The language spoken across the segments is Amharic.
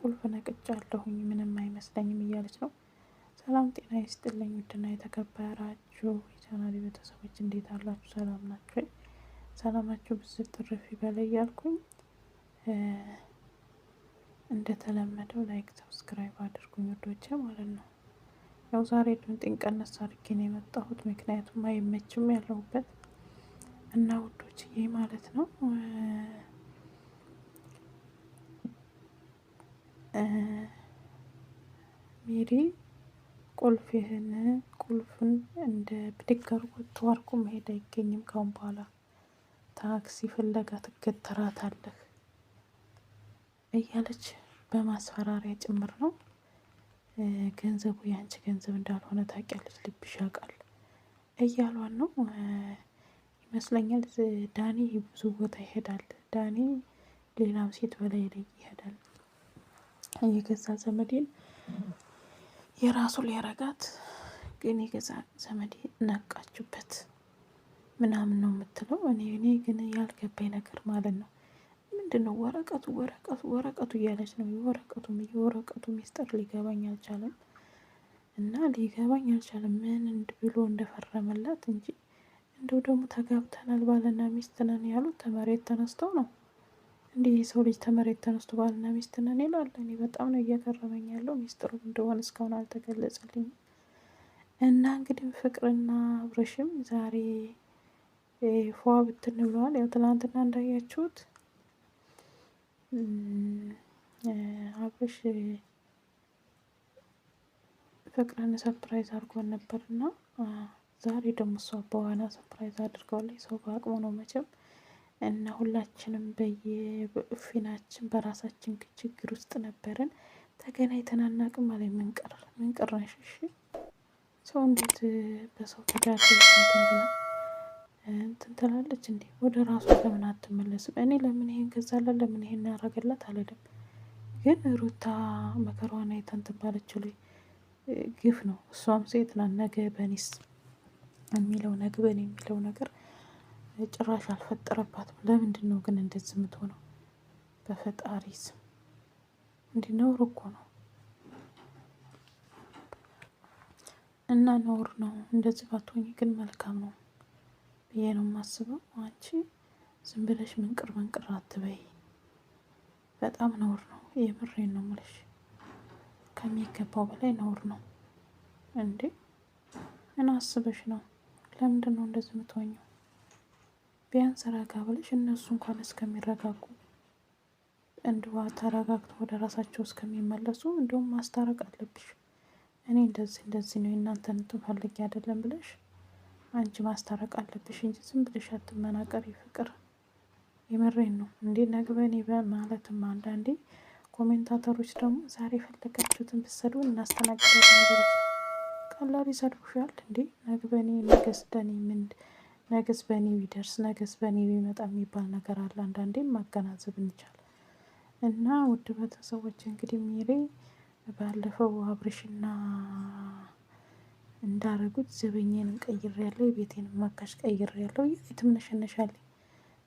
ቁልፍ አለሁኝ ምንም አይመስለኝም እያለች ነው። ሰላም ጤና ይስጥልኝ ውድና የተከበራችሁ የቻናል ቤተሰቦች እንዴት አላችሁ? ሰላም ናችሁ? ሰላማችሁ ብዙ ትርፍ ይበለ ያልኩኝ እንደተለመደው ላይክ ሰብስክራይብ አድርጉኝ ውዶቼ ማለት ነው። ያው ዛሬ ድምጤን ቀነስ አድርጌ ነው የመጣሁት፣ ምክንያቱም አይመችም ያለሁበት እና ውዶችዬ ማለት ነው ሜሪ ቁልፍ ይህን ቁልፍን እንደ ብድግ አርጎ መሄድ አይገኝም። ካሁን በኋላ ታክሲ ፍለጋ ትገተራታለህ እያለች በማስፈራሪያ ጭምር ነው። ገንዘቡ የአንቺ ገንዘብ እንዳልሆነ ታውቂያለች፣ ልብሽ ያውቃል እያሏን ነው ይመስለኛል። ዳኒ ብዙ ቦታ ይሄዳል። ዳኒ ሌላም ሴት በላይ ላይ ይሄዳል። የገዛ ዘመዴን የራሱ ሊያረጋት ግን የገዛ ዘመዴ ነቃችበት ምናምን ነው የምትለው። እኔ እኔ ግን ያልገባኝ ነገር ማለት ነው ምንድን ነው ወረቀቱ ወረቀቱ ወረቀቱ እያለች ነው። የወረቀቱ የወረቀቱ ሚስጥር ሊገባኝ አልቻለም እና ሊገባኝ አልቻለም ምን ብሎ እንደፈረመላት እንጂ እንደው ደግሞ ተጋብተናል ባለና ሚስት ነን ያሉት ተመሬት ተነስተው ነው። እንዲህ የሰው ልጅ ተመሬት ተነስቶ ባልና ሚስት ነን ይላል። እኔ በጣም ነው እየገረመኝ ያለው ሚስጥሩ እንደሆነ እስካሁን አልተገለጸልኝም። እና እንግዲህ ፍቅርና አብረሽም ዛሬ ፏ ብትን ብለዋል። ያው ትናንትና እንዳያችሁት አብረሽ ፍቅርን ሰርፕራይዝ አድርጎን ነበር እና ዛሬ ደግሞ እሷ በዋና ሰፕራይዝ አድርገዋለች። ሰው በአቅሙ ነው መቼም እና ሁላችንም በየፊናችን በራሳችን ችግር ውስጥ ነበርን። ተገናኝተን አናውቅም ማለት ምንቀር ምንቀረን ሽሽ ሰው እንዴት በሰው ተዳደ ትንትንብላ እንትን ትላለች እንዴ? ወደ ራሷ ለምን አትመለስም? እኔ ለምን ይሄን ገዛላት ለምን ይሄን ያረገላት አልልም። ግን ሩታ መከሯን አይተን ትባለች ላይ ግፍ ነው። እሷም ሴት ናት። ነገ በኔስ የሚለው ነገ በኔ የሚለው ነገር ጭራሽ አልፈጠረባትም። ለምንድን ነው ግን እንደዚህ የምትሆነው? በፈጣሪ ስም እንዲህ ነውር እኮ ነው እና ነውር ነው። እንደዚህ ባትሆኝ ግን መልካም ነው ብዬ ነው የማስበው። አንቺ ዝም ብለሽ ምንቅር ምንቅር አትበይ። በጣም ነውር ነው። የምሬን ነው የምልሽ። ከሚገባው በላይ ነውር ነው እንዴ! ምን አስበሽ ነው? ለምንድን ነው እንደዚህ የምትሆኘው? ቢያንስ ረጋ ብለሽ እነሱ እንኳን እስከሚረጋጉ እንዲዋ ተረጋግተው ወደ ራሳቸው እስከሚመለሱ እንዲሁም ማስታረቅ አለብሽ። እኔ እንደዚህ እንደዚህ ነው የእናንተን እንትን ፈልጌ አይደለም ብለሽ አንቺ ማስታረቅ አለብሽ እንጂ ዝም ብለሽ አትመናቀር። ይፍቅር የምሬን ነው እንዴ ነግበኔ በማለትም አንዳንዴ ኮሜንታተሮች ደግሞ ዛሬ የፈለጋችሁትን ብትሰዱ እናስተናግዳለን። ቀላል ይሰድቡሻል እንዴ ነግበኔ ነገስደኔ ምንድ ነገስ በእኔ ቢደርስ ነገስ በእኔ ቢመጣ የሚባል ነገር አለ። አንዳንዴም ማገናዘብ እንችላለን። እና ውድ ቤተሰቦች እንግዲህ ሜሪ ባለፈው አብርሽና እንዳረጉት ዘበኛንም ቀይር ያለው የቤቴንም ማካሽ ቀይር ያለው የቤትም ነሸነሻለኝ።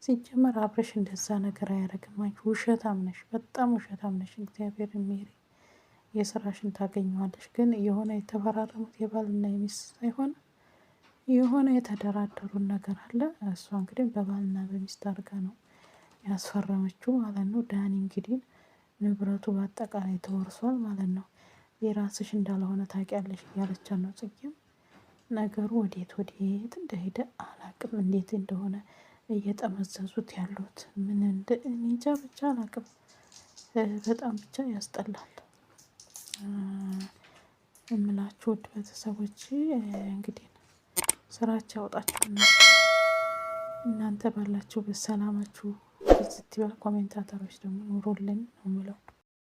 ሲጀመር አብርሽ እንደዛ ነገር አያደርግም። አንቺ ውሸታም ነሽ፣ በጣም ውሸታም ነሽ። እግዚአብሔር ሜሪ የስራሽን ታገኘዋለሽ። ግን የሆነ የተፈራረሙት የባልና የሚስት ሳይሆን የሆነ የተደራደሩን ነገር አለ። እሷ እንግዲህ በባልና በሚስት አድርጋ ነው ያስፈረመችው ማለት ነው። ዳኒ እንግዲህ ንብረቱ በአጠቃላይ ተወርሷል ማለት ነው። የራስሽ እንዳልሆነ ታውቂያለሽ እያለቻ ነው ጽጌም ነገሩ ወዴት ወዴት እንደሄደ አላቅም። እንዴት እንደሆነ እየጠመዘዙት ያሉት ምን እንደ እኔ እንጃ ብቻ አላቅም። በጣም ብቻ ያስጠላል እምላችሁ ውድ ቤተሰቦች እንግዲህ ስራቸው ያውጣችሁና እናንተ ባላችሁ በሰላማችሁ ብዝት ኮሜንታተሮች ደግሞ ኑሩልን ነው የምለው።